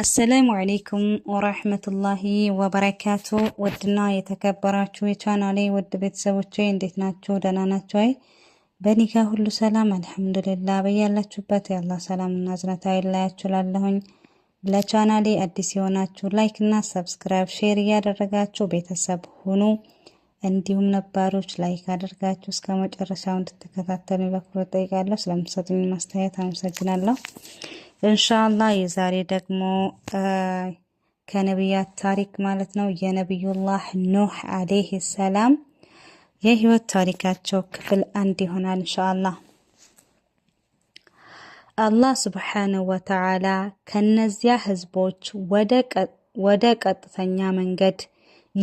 አሰላሙ አሌይኩም ወረህመቱላሂ ወበረካቱ። ውድና የተከበራችሁ የቻናሌ ውድ ቤተሰቦች እንዴት ናችሁ? ደህና ናችሁ? አይ በኒካ ሁሉ ሰላም አልሐምዱሊላ። በያላችሁበት የአላህ ሰላምና እዝነት አይለያችሁ። ላለሁኝ ለቻናሌ አዲስ የሆናችሁ ላይክና ሰብስክራይብ፣ ሼር እያደረጋችሁ ቤተሰብ ሁኑ። እንዲሁም ነባሮች ላይክ አድርጋችሁ እስከ መጨረሻው እንድትከታተሉ በኩል ጠይቃለሁ። ስለምሰጡኝ ማስተያየት አመሰግናለሁ። እንሻላ የዛሬ ደግሞ ከነቢያት ታሪክ ማለት ነው የነቢዩላህ ኑህ አለይህ ሰላም የህይወት ታሪካቸው ክፍል አንድ ይሆናል እንሻላ አላህ ስብሓንሁ ወተዓላ ከነዚያ ህዝቦች ወደ ቀጥተኛ መንገድ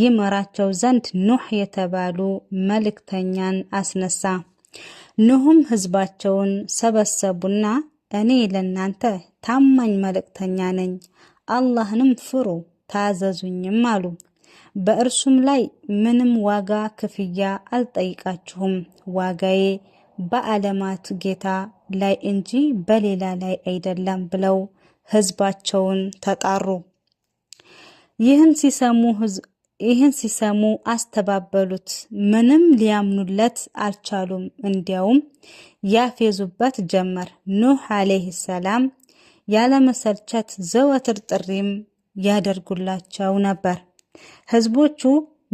ይመራቸው ዘንድ ኑህ የተባሉ መልእክተኛን አስነሳ። ኑህም ህዝባቸውን ሰበሰቡና እኔ ለእናንተ ታማኝ መልእክተኛ ነኝ፣ አላህንም ፍሩ ታዘዙኝም አሉ። በእርሱም ላይ ምንም ዋጋ ክፍያ አልጠይቃችሁም። ዋጋዬ በዓለማት ጌታ ላይ እንጂ በሌላ ላይ አይደለም ብለው ህዝባቸውን ተጣሩ። ይህን ሲሰሙ ይህን ሲሰሙ አስተባበሉት። ምንም ሊያምኑለት አልቻሉም። እንዲያውም ያፌዙበት ጀመር። ኑህ ዓለይህ ሰላም ያለመሰልቸት ዘወትር ጥሪም ያደርጉላቸው ነበር። ህዝቦቹ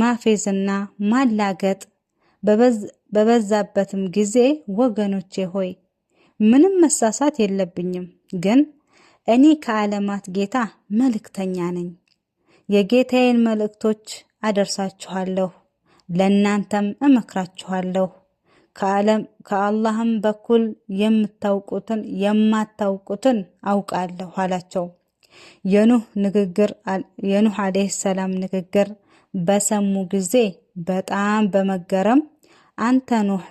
ማፌዝና ማላገጥ በበዛበትም ጊዜ ወገኖቼ ሆይ ምንም መሳሳት የለብኝም፣ ግን እኔ ከዓለማት ጌታ መልእክተኛ ነኝ የጌታዬን መልእክቶች አደርሳችኋለሁ፣ ለእናንተም እመክራችኋለሁ። ከዓለም ከአላህም በኩል የምታውቁትን የማታውቁትን አውቃለሁ አላቸው። የኑህ ንግግር የኑህ ዓለይሂ ሰላም ንግግር በሰሙ ጊዜ በጣም በመገረም አንተ ኑህ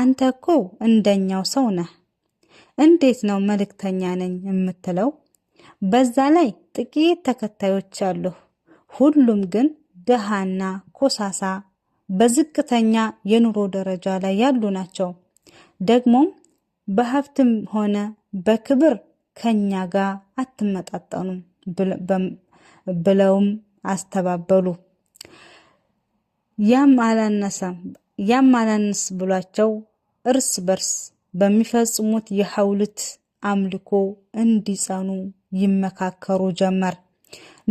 አንተ እኮ እንደኛው ሰው ነህ፣ እንዴት ነው መልእክተኛ ነኝ የምትለው በዛ ላይ ጥቂት ተከታዮች አሉህ። ሁሉም ግን ድሃና ኮሳሳ በዝቅተኛ የኑሮ ደረጃ ላይ ያሉ ናቸው። ደግሞም በሀብትም ሆነ በክብር ከኛ ጋር አትመጣጠኑም ብለውም አስተባበሉ። ያም አላነስ ብሏቸው እርስ በርስ በሚፈጽሙት የሐውልት አምልኮ እንዲጸኑ ይመካከሩ ጀመር።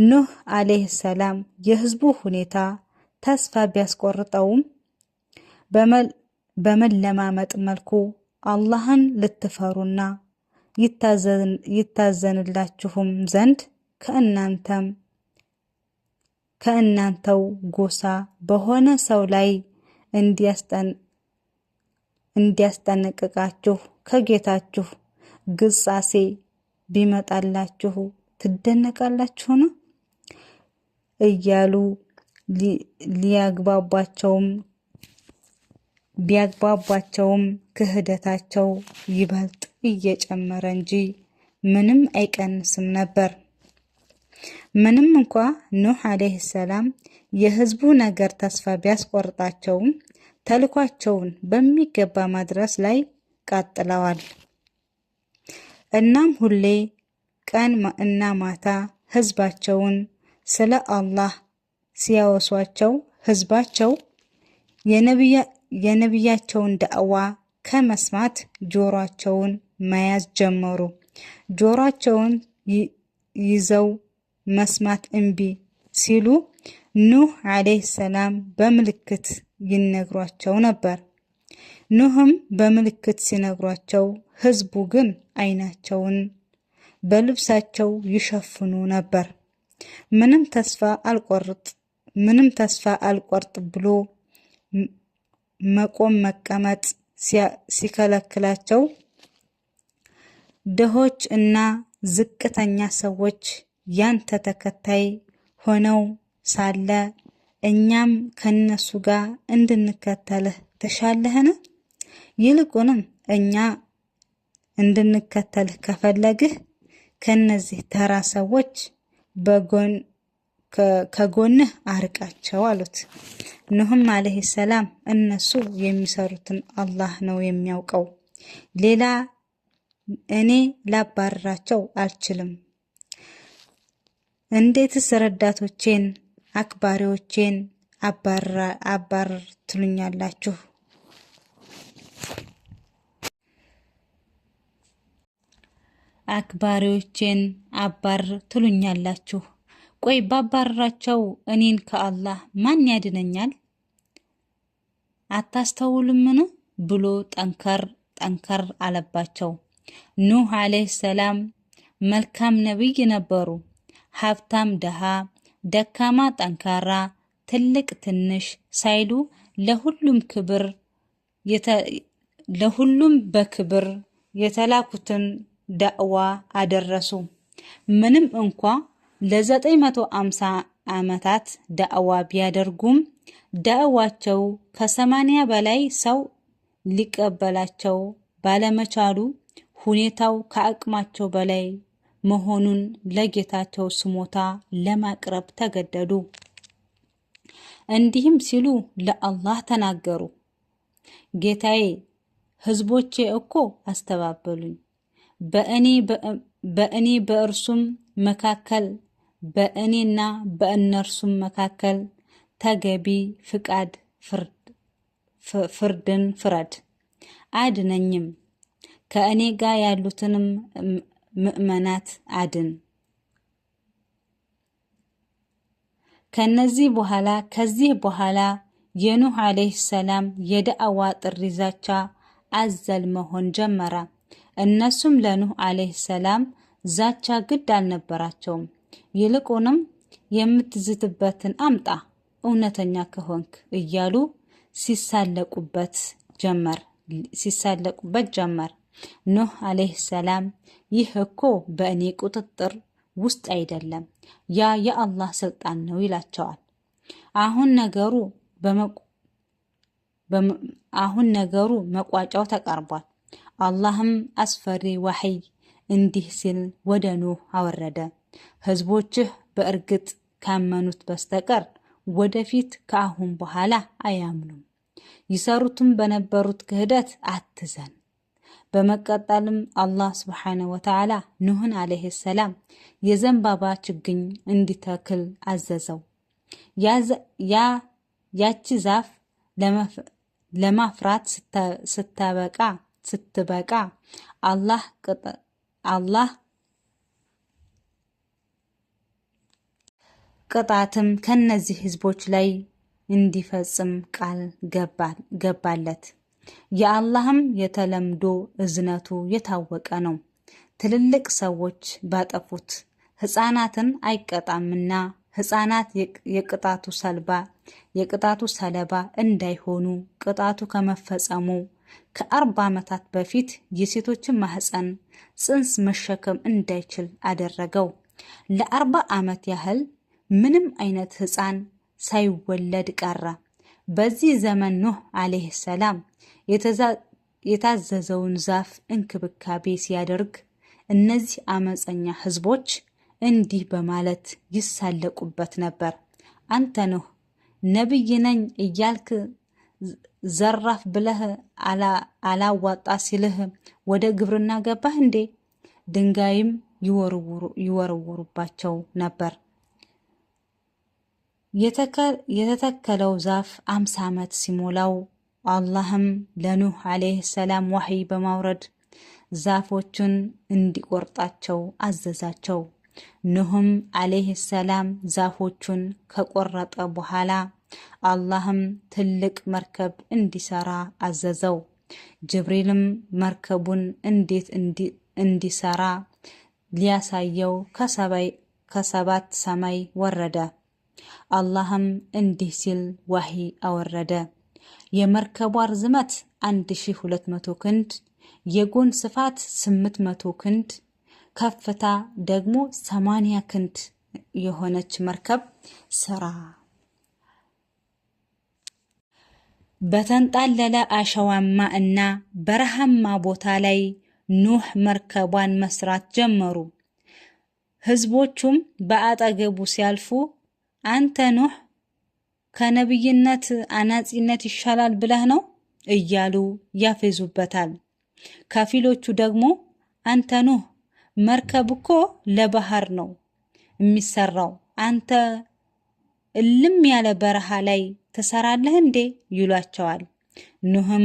ኑህ አሌህ ሰላም የህዝቡ ሁኔታ ተስፋ ቢያስቆርጠውም በመለማመጥ መልኩ አላህን ልትፈሩና ይታዘንላችሁም ዘንድ ከእናንተም ከእናንተው ጎሳ በሆነ ሰው ላይ እንዲያስጠነቅቃችሁ ከጌታችሁ ግሳሴ ቢመጣላችሁ ትደነቃላችሁን? እያሉ ሊያግባቧቸውም ቢያግባቧቸውም ክህደታቸው ይበልጥ እየጨመረ እንጂ ምንም አይቀንስም ነበር። ምንም እንኳ ኑህ ዓለይሂ ሰላም የህዝቡ ነገር ተስፋ ቢያስቆርጣቸውም ተልኳቸውን በሚገባ ማድረስ ላይ ቀጥለዋል። እናም ሁሌ ቀን እና ማታ ህዝባቸውን ስለ አላህ ሲያወሷቸው ህዝባቸው የነቢያቸውን ዳዕዋ ከመስማት ጆሯቸውን መያዝ ጀመሩ። ጆሯቸውን ይዘው መስማት እምቢ ሲሉ ኑህ ዓለይሂ ሰላም በምልክት ይነግሯቸው ነበር። ኖህም በምልክት ሲነግሯቸው ሕዝቡ ግን አይናቸውን በልብሳቸው ይሸፍኑ ነበር። ምንም ተስፋ አልቆርጥ ምንም ተስፋ አልቆርጥ ብሎ መቆም መቀመጥ ሲከለክላቸው ድሆች እና ዝቅተኛ ሰዎች ያንተ ተከታይ ሆነው ሳለ እኛም ከነሱ ጋር እንድንከተልህ ተሻለህን? ይልቁንም እኛ እንድንከተልህ ከፈለግህ ከነዚህ ተራ ሰዎች በጎን ከጎንህ አርቃቸው አሉት። ኑህም አለህ ሰላም እነሱ የሚሰሩትን አላህ ነው የሚያውቀው፣ ሌላ እኔ ላባራቸው አልችልም። እንዴትስ ረዳቶቼን አክባሪዎቼን አባር ትሉኛላችሁ? አክባሪዎቼን አባር ትሉኛላችሁ። ቆይ ባባረራቸው እኔን ከአላህ ማን ያድነኛል? አታስተውልምን? ብሎ ጠንከር ጠንከር አለባቸው። ኑህ አለይሂ ሰላም መልካም ነቢይ ነበሩ። ሀብታም፣ ደሃ፣ ደካማ፣ ጠንካራ፣ ትልቅ፣ ትንሽ ሳይሉ ለሁሉም ክብር ለሁሉም በክብር የተላኩትን ዳዕዋ አደረሱ። ምንም እንኳ ለ950 ዓመታት ዳዕዋ ቢያደርጉም ዳዕዋቸው ከሰማንያ በላይ ሰው ሊቀበላቸው ባለመቻሉ ሁኔታው ከአቅማቸው በላይ መሆኑን ለጌታቸው ስሞታ ለማቅረብ ተገደዱ። እንዲህም ሲሉ ለአላህ ተናገሩ፣ ጌታዬ፣ ህዝቦቼ እኮ አስተባበሉኝ በእኔ በእርሱም መካከል በእኔና በእነርሱም መካከል ተገቢ ፍቃድ ፍርድን ፍረድ፣ አድነኝም፣ ከእኔ ጋር ያሉትንም ምእመናት አድን። ከነዚህ በኋላ ከዚህ በኋላ የኑህ ዓለይሂ ሰላም የደአዋ ጥሪ ዛቻ አዘል መሆን ጀመራ። እነሱም ለኑህ ዓለይሂ ሰላም ዛቻ ግድ አልነበራቸውም። ይልቁንም የምትዝትበትን አምጣ እውነተኛ ከሆንክ እያሉ ሲሳለቁበት ጀመር ሲሳለቁበት ጀመር። ኑህ ዓለይሂ ሰላም ይህ እኮ በእኔ ቁጥጥር ውስጥ አይደለም፣ ያ የአላህ ስልጣን ነው ይላቸዋል። አሁን ነገሩ አሁን ነገሩ መቋጫው ተቀርቧል። አላህም አስፈሪ ዋሕይ እንዲህ ሲል ወደ ኑህ አወረደ። ህዝቦችህ በእርግጥ ካመኑት በስተቀር ወደፊት ከአሁን በኋላ አያምኑም። ይሰሩትም በነበሩት ክህደት አትዘን። በመቀጠልም አላህ ስብሓነ ወተዓላ ኑህን ዓለይሂ ሰላም የዘንባባ ችግኝ እንዲተክል አዘዘው። ያቺ ዛፍ ለማፍራት ስታበቃ ስትበቃ አላህ አላህ ቅጣትም ከነዚህ ህዝቦች ላይ እንዲፈጽም ቃል ገባለት። የአላህም የተለምዶ እዝነቱ የታወቀ ነው። ትልልቅ ሰዎች ባጠፉት ህፃናትን አይቀጣምና ህፃናት የቅጣቱ ሰለባ የቅጣቱ ሰለባ እንዳይሆኑ ቅጣቱ ከመፈጸሙ ከአርባ ዓመታት በፊት የሴቶችን ማህፀን ጽንስ መሸከም እንዳይችል አደረገው። ለአርባ ዓመት ያህል ምንም አይነት ህፃን ሳይወለድ ቀረ። በዚህ ዘመን ኖህ አለይህ ሰላም የታዘዘውን ዛፍ እንክብካቤ ሲያደርግ እነዚህ አመፀኛ ህዝቦች እንዲህ በማለት ይሳለቁበት ነበር። አንተ ኖህ ነቢይ ነኝ እያልክ ዘራፍ ብለህ አላዋጣ ሲልህ ወደ ግብርና ገባህ እንዴ? ድንጋይም ይወረውሩባቸው ነበር። የተተከለው ዛፍ አምሳ ዓመት ሲሞላው አላህም ለኑህ ዓለይህ ሰላም ዋህይ በማውረድ ዛፎቹን እንዲቆርጣቸው አዘዛቸው። ኑህም ዓለይህ ሰላም ዛፎቹን ከቆረጠ በኋላ አላህም ትልቅ መርከብ እንዲሰራ አዘዘው። ጅብሪልም መርከቡን እንዴት እንዲሰራ ሊያሳየው ከሰባት ሰማይ ወረደ። አላህም እንዲህ ሲል ዋሂ አወረደ። የመርከቧ ርዝመት 1200 ክንድ፣ የጎን ስፋት 800 ክንድ፣ ከፍታ ደግሞ 80 ክንድ የሆነች መርከብ ስራ በተንጣለለ አሸዋማ እና በረሃማ ቦታ ላይ ኑህ መርከቧን መስራት ጀመሩ። ህዝቦቹም በአጠገቡ ሲያልፉ አንተ ኑህ ከነቢይነት አናጺነት ይሻላል ብለህ ነው እያሉ ያፌዙበታል። ከፊሎቹ ደግሞ አንተ ኑህ መርከብ እኮ ለባህር ነው የሚሰራው፣ አንተ እልም ያለ በረሃ ላይ ትሰራለህ እንዴ ይሏቸዋል። ኑህም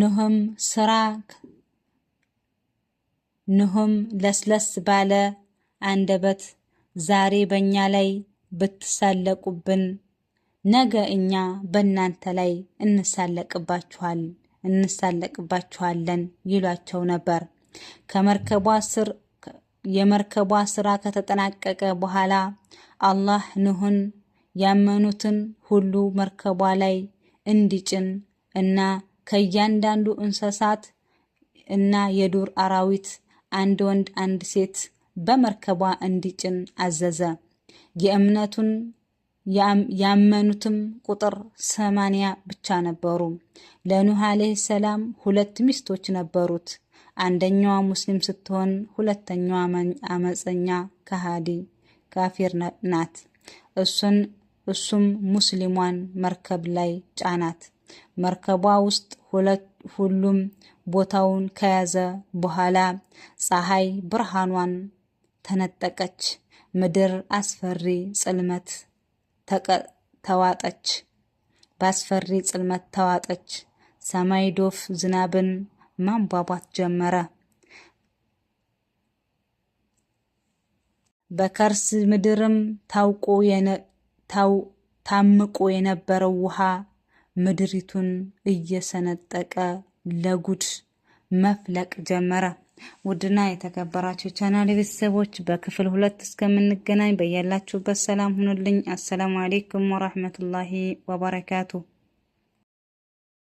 ኑህም ስራ ኑህም ለስለስ ባለ አንደበት ዛሬ በእኛ ላይ ብትሳለቁብን ነገ እኛ በእናንተ ላይ እንሳለቅባችኋል እንሳለቅባችኋለን ይሏቸው ነበር። ከመርከቧ ስር የመርከቧ ስራ ከተጠናቀቀ በኋላ አላህ ኑህን ያመኑትን ሁሉ መርከቧ ላይ እንዲጭን እና ከእያንዳንዱ እንስሳት እና የዱር አራዊት አንድ ወንድ አንድ ሴት በመርከቧ እንዲጭን አዘዘ። የእምነቱን ያመኑትም ቁጥር ሰማንያ ብቻ ነበሩ። ለኑህ ዓለይሂ ሰላም ሁለት ሚስቶች ነበሩት። አንደኛዋ ሙስሊም ስትሆን ሁለተኛዋ አመፀኛ ከሃዲ ካፊር ናት። እሱን እሱም ሙስሊሟን መርከብ ላይ ጫናት። መርከቧ ውስጥ ሁሉም ቦታውን ከያዘ በኋላ ፀሐይ ብርሃኗን ተነጠቀች። ምድር አስፈሪ ጽልመት ተዋጠች በአስፈሪ ጽልመት ተዋጠች። ሰማይ ዶፍ ዝናብን ማንቧቧት ጀመረ። በከርስ ምድርም ታውቆ ታምቆ የነበረው ውሃ ምድሪቱን እየሰነጠቀ ለጉድ መፍለቅ ጀመረ። ውድና የተከበራችሁ ቻናል ቤተሰቦች በክፍል ሁለት እስከምንገናኝ በያላችሁበት ሰላም ሁኑልኝ። አሰላሙ አሌይኩም ወራህመቱላሂ ወበረካቱ።